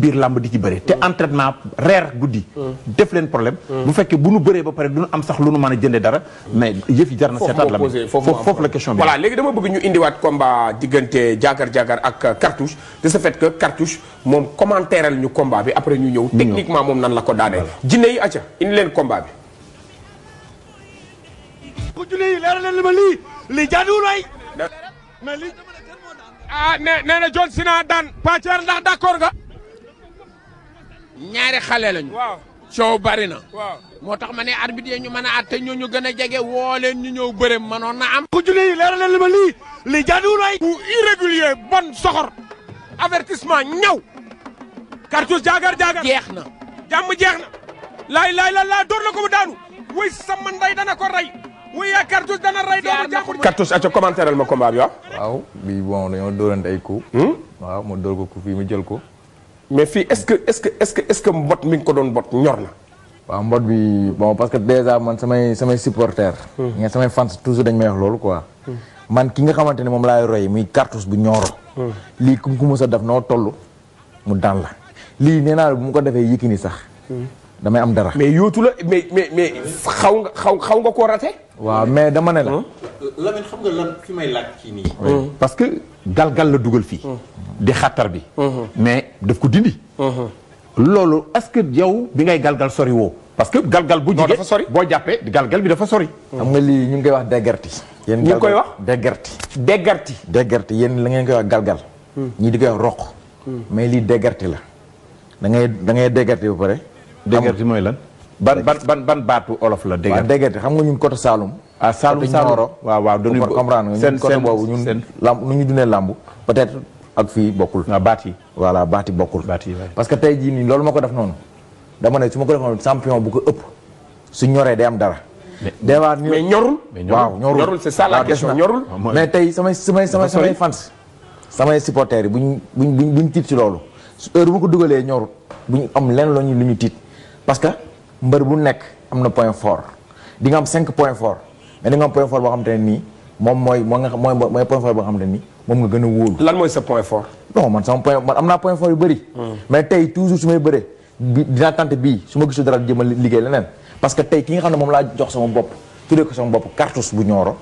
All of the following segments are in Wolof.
biir làmb di ci bëri te mm. entraînement reer guddi mm. def leen problème mm. bu fekkee bu nu bëree ba pare du nu am sax lu nu mën a jëndee dara mais yëf jar na seetaat la foofu la question bi voilà léegi dama bëgg ñu indiwaat combat diggante jaagar jaagar ak cartouche de ce fait que cartouche moom commentaire ñu combat bi après ñu ñëw techniquement moom nan la ko daanee jinne yi acca indi leen combat bi bu julli yi leeral ah, daan Pàcceer ndax d'accord nga ñaari xale lañu. waaw coow bari na. waaw moo tax ma ne arbitre yi ñu mën a àtte ñoo ñu gën a jege woo leen ñu ñëw bëre mënoon na am. ku julli yi leeral li ma lii li jaaduwul ay. bu irrégulier bon soxor avertissement ñaw. cartouche jaagar jaagar. jeex na jàmm jeex na. laay laay la laa door na ko mu daanu. wuy sama dana ko rey. wuy yaa cartouche dana rey doomu jàmbur. cartouche acca commentaire ma combat bi waaw. waaw bii bon dañoo dóorante ay coups. Hmm? waaw ma ko coup fii ma jël ko. mais fii est-ce que est-ce que est-ce que est-ce que mbot mi nga ko doon bot ñor na. waaw mbot bi bon parce que déjà man samay samay supporters. Hmm. nga samay fans toujours dañ may wax loolu quoi. Hmm. man ki nga xamante ne moom laay roy muy Cartouche bu Nioro. Hmm. lii kum ku mës a def noo tollu mu daan la lii nee naa bu mu ko defee Yékini sax. damay am dara. mais yootu la mais mais mais xaw nga xaw xaw nga koo raté. waaw mais dama ne la. may laaj ci nii. parce que gal la dugal fii. di xattar bi. Mhm. mais daf ko dindi. Mhm. loolu est-ce que yow bi ngay galgal sori woo. parce que galgal bu jigéen boo jàppee galgal bi dafa sori. xam nga lii ñu ngi koy wax déggerti. yéen ñu ngi koy wax déggerti. déggerti. déggerti yéen la ngeen koy wax galgal. Hmm. ñi di koy wax roq. Hmm. mais lii déggerti la. da ngay da ngay déggerti ba pare. déggerti mooy lan. ban ban ban ban baatu olof la. déggerti waaw déggerti xam nga ñun côté Saloum. ah Saloum Saloum waaw waaw waa comprendre nga ñun côté boobu ñun. lamb nu ñu dundee lamb peut ak fii bokkul. waaw baat yi. voilà baat yi bokkul. baat yi parce que tey jii nii loolu ma ko def noonu dama ne su ma ko def noonu champion bu ko ëpp su ñoree day am dara. day waa mais ñorul. waaw ñorul ñorul c'est ça ah, mais tey samay samay samay samay fans. samay supporters yi bu ñu buñ buñ tiit si loolu heure bu ko dugalee bu buñ am lenn loo ñu lu ñu tiit parce que mbër bu nekk am na point fort di nga am 5 points forts mais di nga am point fort boo xam te ne nii moom mooy moo nga mooy mooy point fort boo xam te ne nii. moom nga gën a wóolu. lan mooy sa point fort. non man sama point man am naa point fort yu bëri. Hmm. mais tey toujours su may bëree. bi dinaa tante bii su ma gisul dara jëmal liggéey leneen parce que tey ki nga xam ne moom laa jox sama bopp tuddee ko sama bopp cartouche bu ñooro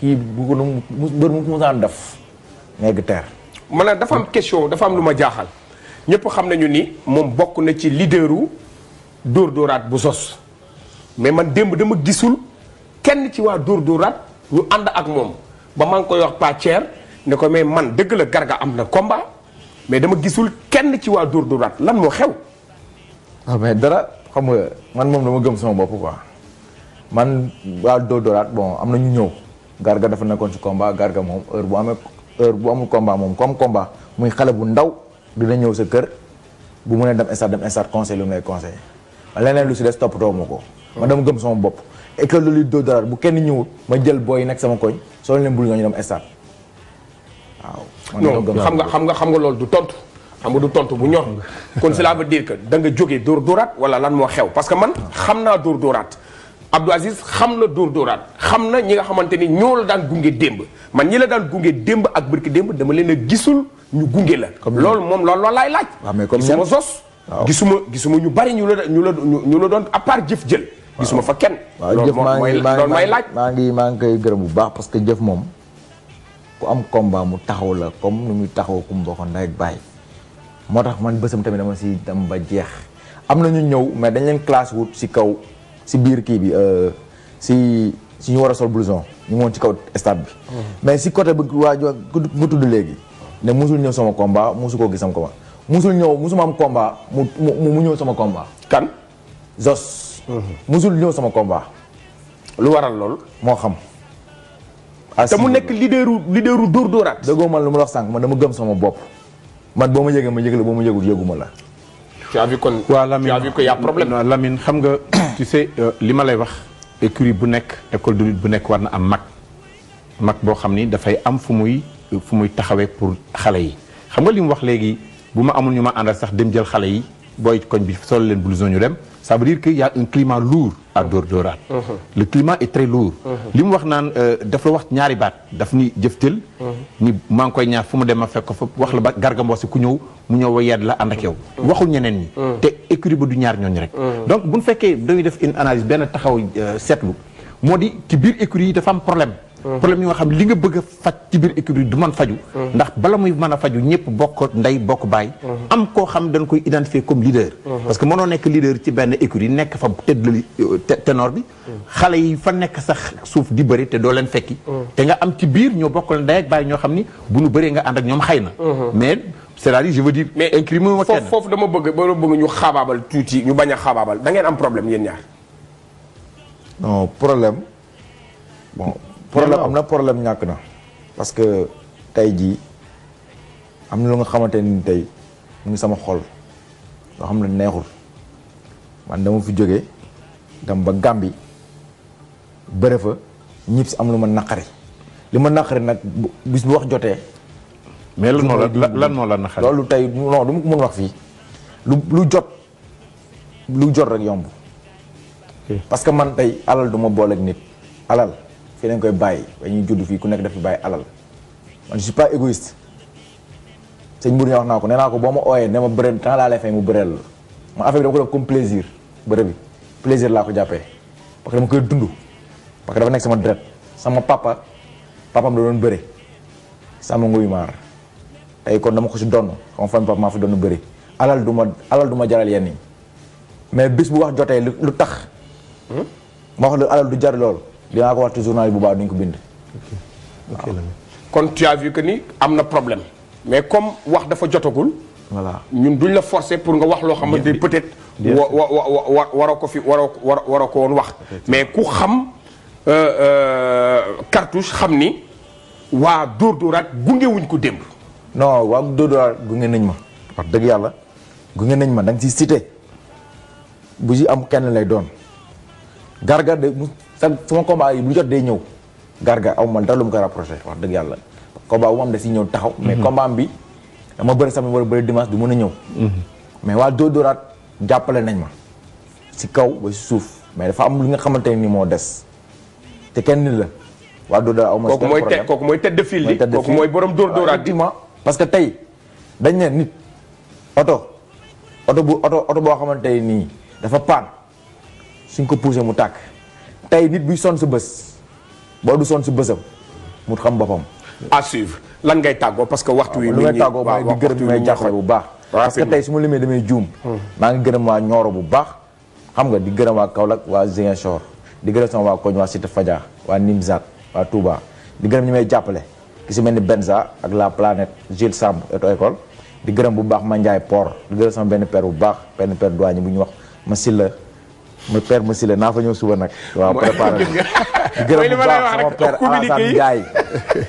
kii bu ko nu mu mbër mu mu saan def neeg teer. man dafa am question dafa am lu ma jaaxal ñëpp xam nañu ni moom bokk na ci leaderu dóor dóoraat bu sos mais man démb dama gisul kenn ci waa dóor dóoraat ñu ànd ak moom. ba man ngi koy wax Pàcceer ne ko mais man dëgg la Garga am na combat mais dama gisul kenn ci waa Dóor Dóoraat lan moo xew. waaw mais dara xam nga man moom dama gëm sama bopp quoi man waa Dóor Dóoraat bon am na ñu ñëw Garga dafa nekkoon ci combat Garga moom heure bu amee heure bu amul combat moom comme muy xale bu ndaw dina ñëw sa kër bu mënee dem stade dem stade conseil lu mu lay conseil leneen lu si des toppatoo ma ko. man dama gëm sama bopp. école de lutte bu kenn ñëwul ma jël booy nekk sama koñ soo leen bul nga ñu dem stade waaw. xam nga xam nga xam nga loolu du tontu. xam nga du tontu bu ñor. kon cela laa dire que da nga jóge Dóor Dóoraat wala lan moo xew parce que man ah. xam naa Dóor Dóoraat. Abdou Aziz xam na Dóor Dóoraat xam na ñi nga xamante ni ñoo la daan gunge démb man ñi la daan gunge démb ak barki démb dama leen a gisul ñu gunge la. loolu moom loolu lool laaj. waaw ah, mais comme gisuma sos. gisuma gisuma ñu bari ñu la ñu la ñu la doon à part jëf jël gisuma fa kenn. loolu mooy loolu mooy laaj maa ngi maa ngi koy gërëm bu baax parce que jëf moom ku am combat mu taxaw la comme nu muy taxaw ku mu bokkoon ndey ak baay moo tax man bësam tamit dama si dem ba jeex am na ñu ñëw mais dañ leen classe wut si kaw si biir kii bi euh, si si ñu war a sol blouson ci kaw stade bi. Hmm. mais si côté bi waa jo mu tudd léegi. ne musul ñëw sama combat musu koo gis sama combat musul ñëw musuma am combat mu mu ñëw sama combat. kan. Zos. Mhm. musul ñëw sama combat. lu waral loolu. moo xam. te mu nekk leaderu leaderu dóor dóoraat. dëggoo man lu ma wax sànq man dama gëm sama bopp man boo ma yëgee ma yëg la boo ma yëgul yëguma la. tu as vu kon waaw Lamine tu as vu que y a xam nga tu sais euh, li ma lay wax. écurie bu nekk école de lutte bu nekk war na am mag mag boo xam ni dafay am fu muy fu muy taxawee pour xale yi xam nga li mu wax léegi bu ma amul ñu ma àndal sax dem jël xale yi booy koñ bi sol leen blouson ñu dem. ça veut que y a un climat lourd à Dóor-Dóoraat uh-huh. le climat est très lourd uh-huh. li mu wax naan euh, daf la wax ñaari baat daf ni jëftel uh-huh. ni maa ngi koy ñaar fu mu dem a fekk ko wax la ba Garga Mbossé ku ñëw mu ñëw wa yedd la ànd ak yow waxul ñeneen ñi te écurie ba du ñaar ñooñu rek donc bu buñ fekkee dañuy def une analyse benn taxaw euh, seetlu moo di ci biir écurie yi dafa am problème Mm-hmm. problème yi nga xam li nga bëgg a faj ci biir écurie du mën faju mm-hmm. ndax bala muy mën a faju ñëpp bokk ndey bokk baay mm-hmm. am koo xam dañ koy identifier comme leader parce que mënoo nekk leader ci benn écurie nekk fa tëddali ténor bi xale yi fa nekk sax suuf di bëri te doo leen fekki te nga am ci biir ñoo bokkal ndey ak ñoo xam ni bu ñu bëree nga ànd ak ñoom xay na mais c'est-à-dire je mais dire incrimé ma foofu dama bëgg dama bëgg ñu xaabaabal tuuti ñu bañ a xaabaabal da ngeen am problème yéen ñaar non problème am na problème ñàkk na parce que tey jii am na lu nga xamante ni tey mu ngi sama xol loo xam ne neexul man dama fi jóge dem ba Gàmbi bëre fa ñib si am lu ma naqari li ma naqari nag bis bu wax jotee. mais lan moo la lan moo la naqari. loolu tey non du ma ko mën wax fii lu lu jot lu jot rek yomb. parce que man tey alal du ma booleek nit alal. dañ koy bàyyi waaye ñuy judd fii ku nekk daf fi bàyyi alal man je pas égoïste sëñ Mbour ñaa wax naa ko nee naa ko boo ma ooyee ne ma bëre temps laa lay fay mu bëreel la ma affaire bi dama ko def comme plaisir bëre bi plaisir laa ko jàppee parce que dama koy dund parce que dafa nekk sama dret sama papa papam da doon bëre sama nguyu maar tey kon dama ko si donn sama famille papa maa fi doon bëri alal du ma alal du ma jaral mais bis bu wax jotee lu tax hmm? ma jar lool dina ko wax ci journal bu baax duñ ko bind. kon tu as vu que ni am na problème mais comme wax dafa jotagul. voilà ñun duñ la forcer pour nga wax loo xamante ni peut-être. wa wa wa waroo ko fi waroo waroo ko woon wax. mais ku xam euh, euh, cartouche xam ni waa Dóor Dóoraat gunge wuñ ko démb. non waa Dóor gunge nañ ma wax dëgg yàlla gunge nañ ma da si ciy bu si am kenn lay doon garga de sa sama combat yi bu jot day ñëw garga aw ma dara lu mu ko rapproché wax dëgg yàlla combat bu ma am da si ñëw taxaw mhm. mais combat am bi dama bëri samedi wala bëri dimanche du mën a ñëw mhm. mais waa dóor dóoraat jàppale nañ ma si kaw ba si suuf mais dafa am li nga xamante nii moo des te kenn ni la waa dóor dóoraat aw ma kooku mooy te kooku mooy tête de file bi kooku mooy borom dóor dóoraat ma parce que tey dañ ne nit oto oto bu oto oto boo xamante nii dafa paan suñ ko poussé mu tàkk tey nit buy son su bës boo du son su bésam mu xam boppam. à lan ngay tàggoo parce que waxtu wi. lu may tàggoo mooy di gërëm may jàppale bu baax. parce que tey su ma limee damay juum. Hmm. maa ngi gërëm waa Nioro bu baax. xam nga di gërëm waa Kaolack waa Ziguinchor di gërëm sama waa koñ waa Cité Fadia waa Nimzat waa Touba di gërëm ñi may jàppale. ki si mel ni Benza ak La Planète Gilles Samb eto école di gërëm bu baax Mandiaye Port di gërëm sama benn père bu baax benn père douanier bu ñu wax Masila muy père Massila naa fa ñëw suba nag. waaw préparé di gërëm bu baax sama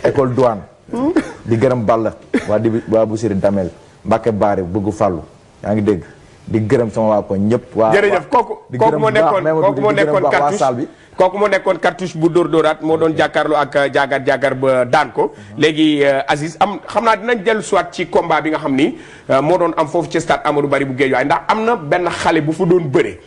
école douane. di gërëm Balla waa di waa bu Siri Damel Mbacke Baare bëggu fàllu yaa ngi dégg di gërëm sama waa ko ñëpp. waa jërëjëf kooku kooku moo nekkoon kooku moo nekkoon cartouche kooku moo nekkoon cartouche bu dóor dóoraat moo doon jàkkaarloo ak euh, jaagar jaagar ba daan ko. Mhm. léegi euh, Aziz am xam naa dinañ dellu soit ci combat bi nga xam ni euh, moo doon am foofu ci stade Amadou Barry bu Guédiawaye ndax am na benn xale bu fu doon bëre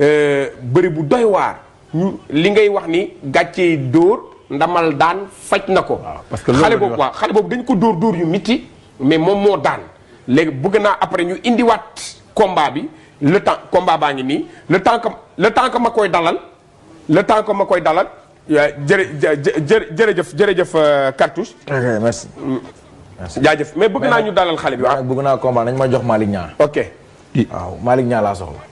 Euh, bëri bu doy waar ñu li ngay wax ni gàccee dóor ndamal daan faj na ko. parce que xale boobu waaw xale boobu dañ ko dóor dóor yu mitti mais moom moo daan léegi bëgg naa après ñu indiwaat combat bi le temps combat baa ngi nii la temps que le temps que ma koy dalal le temps que ma koy dalal. Euh, jërë jë jërëjëf jërëjëf euh, cartouche. ok mm. merci. jaajëf mais bëgg naa ñu dalal xale bi waaw. bëgg naa combat nañ ma jox Malick Niang. ok. waaw Malick laa soxla.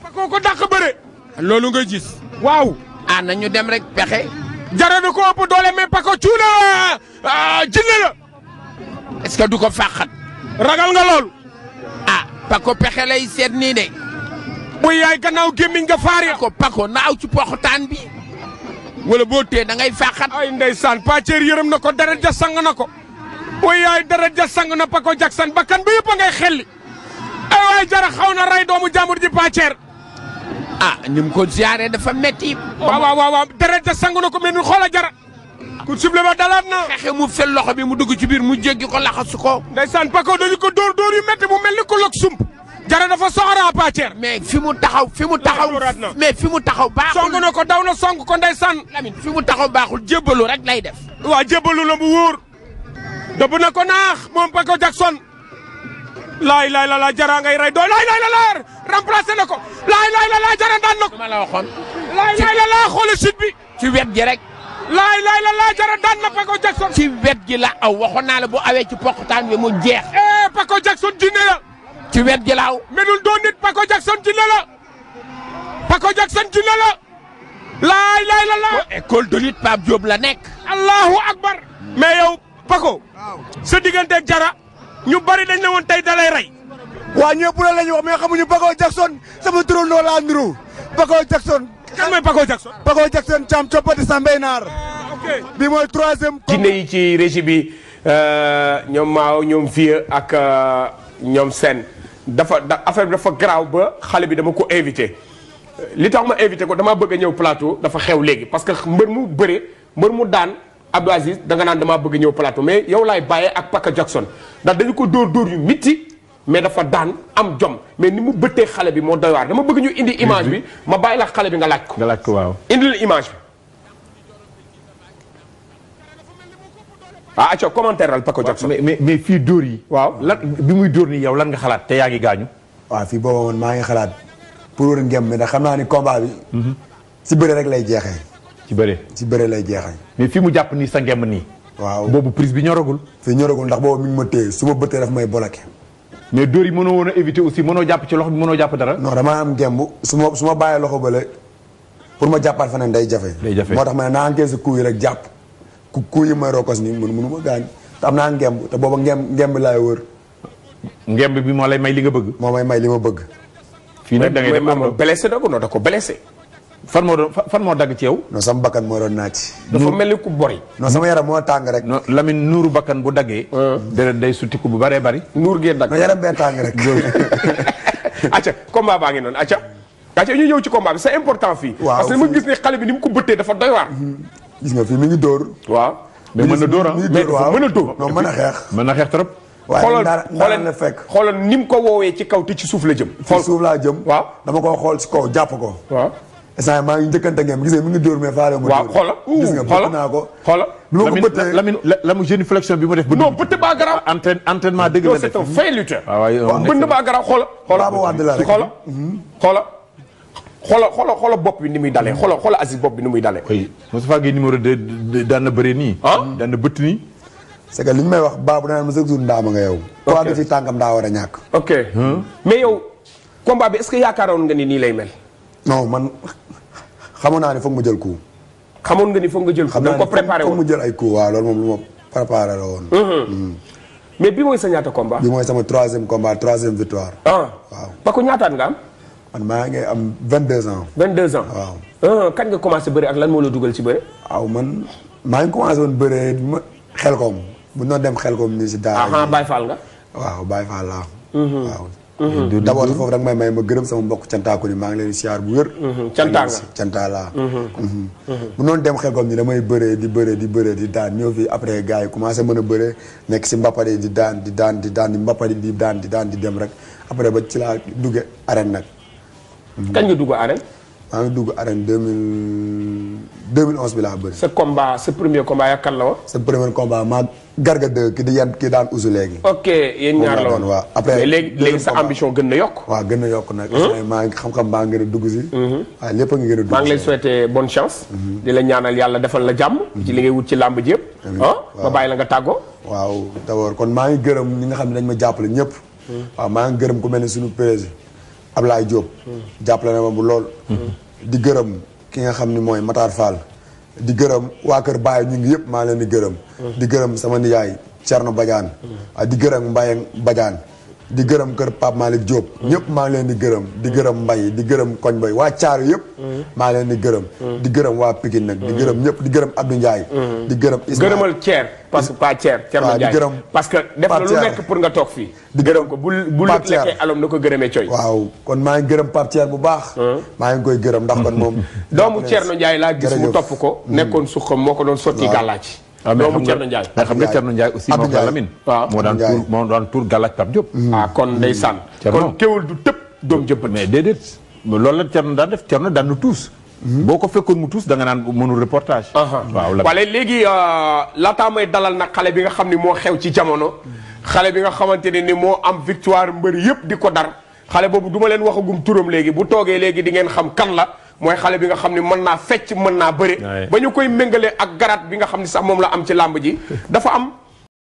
loolu nga gis. waaw. ah nañu dem rek pexe. jara du ko ëpp doole mais Paco Cuuna ah, jinne la. est-ce que du ko fàqat. ragal nga loolu. ah Paco pexe lay seet nii de. muy yaay gannaaw gémmiñ nga ko Paco Paco naaw ci poxtaan bi. wala boo tee da ngay fàqat. ay ndeysaan pàcceer yërëm na ko dara ja na ko. muy yaay dara ja sang na Paco Jackson bakkan ba a ngay xelli. ay waay jara xaw na rey doomu jàmbur ji pàcceer. ah ni mu ko ziaree dafa metti. waaw waaw waaw deret ja sangu na ko mel ni xoola jara. ku suble ba dalaat na. xeexe mu fel loxo bi mu dugg ci biir mu jéggi ko laxasu ko. ndeysaan Paco dañu ko dóor dóor yu metti mu mel ni ko log sump. jara dafa soxora pàcceer. mais fi mu taxaw fi mu taxaw mais fi mu taxaw baaxul. song ko daw na song ko ndeysaan. Lamine fi mu taxaw baaxul jébbalu rek lay def. waa jébbalu la mu wóor. dëbb na ko naax moom Paco Jackson. laay laay la laa jara ngay rey doy laay laay la laa na ko laay laay la jara daan na ko. ma la waxoon. laay laay ci wet gi rek. laay laay la jara daan na Paco Jackson. ci wet gi la aw waxoon naa la bu awee ci poqutaan bi mu jeex. Paco Jackson jinne la. ci wet gi la aw. melul doon nit Paco Jackson jinne la. Paco Jackson jinne la. laay laay la laa. école de lutte Pape la nekk. allahu akbar. mais yow Paco. sa digganteeg jara. ñu bari dañ ne woon tey dalay rey. waa ñëpp loolu la ñuy wax mais xamuñu Paco Jackson sama turandoo laa niru Paco Jackson. kan mooy Paco Jackson. Paco Jackson Thiam coppati Sambey ah, Naar. bi mooy troisième. jinne yi ci régie bi euh, ñoom Maaw ñoom Vieux ak euh, ñoom seen dafa da affaire bi dafa garaaw ba xale bi dama ko invité. li tax ma invité ko damaa bëgg a ñëw plateau dafa xew léegi parce que mbër mu bëri mbër mu daan. Abdou Aziz danga naan damaa bëgg ñëw plateau mais yow laay bàyyee ak Paka Jackson ndax dañu ko dóor dóor yu mitti mais dafa daan am jom mais ni mu bëttee xale bi moo doy waar dama bëgg ñu indi image bi ma bàyyi la xale bi nga laaj ko. nga laaj ko waaw indil image bi. ah acca commentaire al Paco Jackson. mais fii dóor yi. waaw lan bi muy dóor nii yow lan nga xalaat te yaa ngi gaañu. waaw fii booba man maa ngi xalaat pour wër ngem mi ndax xam naa ni combat bi. Mhm. si lay jeexee. ci bëre ci bëre lay jeexal. mais fi mu jàpp nii sa ngemb nii. waaw boobu prise bi ñoragul. fi ñoragul ndax boobu mi ngi ma téye su ma bëttee daf may boloke. mais dóor yi mënoo woon a éviter mënoo jàpp ci loxo bi mënoo jàpp dara. non damaa am ngemb su ma ma bàyyee loxo bële pour ma jàppaat feneen day jafe. day jafe moo tax ma ne naa encaissé coup rek jàpp ku coup yi may rokos nii mënu mënu ma gaañ am naa ngemb te booba ngemb ngemb laay wër. ngemb bi moo lay may li nga bëgg. moo may may li ma bëgg. fii nag da ngay dem blessé na ko noo da ko blessé fan moo doon fan moo dagg ci yow. non sama bakkan moo doon naa naaj. dafa mel ni ku bori. non sama yaram moo tàng rek. non Lamine nuuru bakkan bu daggee. Euh. déedéet day sutiku bu baree bari nuur gee dagg non yaram bee tàng rek. acca combat baa ngi noonu acca. acca ñu ñëw ci combat bi c'est important fii. waaw parce que ma gis ne xale bi ni mu ko bëttee dafa doy waar. Mhm. gis nga fii mi ngi dóor. waaw mais mën na dóor ah waa mën a dóor. non mën a xeex mën na xeex trop. waaye dara na fekk xoolal ni mu ko woowee ci kaw te ci suuf la jëm. xool ci laa jëm. waaw dama ko xool ci kaw jàpp ko. waaw instant maa ngi njëkkante ngeen gisee mu ngi dóor mais faale ma. waaw xoola gis nga bëgg naa ko. xoola Lamine Lamine génuflexion bi mu def. non bëtt baa garaaw. entraîne entraînement dëgg la def non c'est un fin lutteur. waaw ah, bëtt baa garaaw xoola. xoola xoola mhm. xoola. xoola xoola xoola bopp bi ni muy dalee xoola mhm. xoola Aziz bopp bi ni muy dalee. oui Moustapha Gueye numéro 2 daan na bëree nii. Ah? daan na bëtt nii. c'est que li ñu may wax baabu danaan ma chaque jour ndaama nga yow. ok quoi bi ci tànkam daa war a ñàkk. ok mais yow combat bi est-ce que yaakaaroon nga ni nii lay mel non man xamoon naa ne foog ma jël coup. xamoon nga ni foog nga jël coup. da nga ko préparé woon jël ay coup waaw loolu moom lu ma la woon. Mhm. Mm. mais bi mooy sa ñaata combat. bi mooy sama troisième combat troisième victoire. ah waaw ko ñaataat nga am. man maa ngi am vingt 22 ans. 22 ans waaw. Ah, kañ nga commencé bëre ak lan moo la dugal si bëre. waaw man maa ngi commencé woon bëre ma xel koom bu ñu dem xel koom nii si daara. ah Baye nga. waaw Baye Fall laa. Mhm. waaw. Mhm. d' abord foofu rek may may ma gërëm sama mbokk cantaako ni maa ngi leen siyaar bu wér mhm. cantaa cantaa mu mhm. noonu dem xel comme ni damay bëree di bëree di bëree di daan ñëw fii après gars yi commencé mën a bëree nekk si mbappat di daan di daan di daan di mbappat yi di daan di daan di dem rek après ba ci laa dugge arène nag kañ nga dugg arène maa ngi dugg arène deux mille bi laa bëri sa combat sa premier combat yaakaar la sa premier combat garga de ki di yan ki daan usu léegi. ok yéen ñaar la woon waaw après léegi léegi sa ambition gën na yokk. waaw gën na yokk nag. maa ngi xam-xam maa ngi gën si. Mhm. waaw lépp a ngi gën a dugg si maa ngi lay chance. Mhm. di la ñaanal yàlla defal la jàmm. ci li ngay wut ci làmb ji yëpp. ba ah, bàyyi la nga tàggoo. waaw d'abord kon maa ngi gërëm ñi nga xam ne dañ ma jàppale ñëpp. Hmm. waaw maa ngi gërëm ku mel ne suñu président Ablaye Diop. Hmm. jàppale na ma bu lool. Hmm. di gërëm ki nga xam ni mooy Matar Fall di gërëm waa kër Baye ñu ngi yëpp maa leen di gërëm. di gërëm sama nijaay nu Badiane. di gërëm Mbaye Badiane. di gërëm kër Pape Malick Diop. Mm. ñëpp maa ngi leen di gërëm. di gërëm mbay di gërëm koñ bay waa yëpp. Mm. maa leen di gërëm. Mm. di gërëm waa Pikine nag. di gërëm ñëpp di gërëm Abdou Ndiaye. di gërëm Ismaël gërëmal Thier parce que pas Thier. waaw di gërëm parce que def na lu nekk pour nga toog fii. di gërëm ko bu bu lekkee alom na ko gërëmee coy. waaw kon maa ngi gërëm Pape Thier bu baax. maa ngi koy gërëm ndax kon moom. doomu Thierno Ndiaye laa gis mu topp ko nekkoon suqam moo ko doon sotti gàllaa ci Ah, doomu Thierno Ndiaye mais xam nga Thierno Ndiaye aussi moo ko Lamine waaw ah. moo daan tuur moo daan tuur Galaj Pape Diop mm. ah kon mm. ndeysaan kon kéwal du tëb doom jëppal mais déedéet loolu la Thierno daan def Thierno daan nu tuus mm. boo ko fekkoon mu tuus da nga naan mënul reportage ah, waaw la wala léegi euh, laataa may dalal nag xale bi nga xam ni moo xew ci jamono xale bi nga xamante ne ni moo am victoire mbër yëpp di ko dar xale boobu duma leen waxagum turam léegi bu toogee léegi di ngeen xam kan la mooy xale bi nga xam ne mën naa fecc mën naa bëre ba ñu koy méngale ak garaat bi nga xam ni sax moom la am ci làmb ji dafa am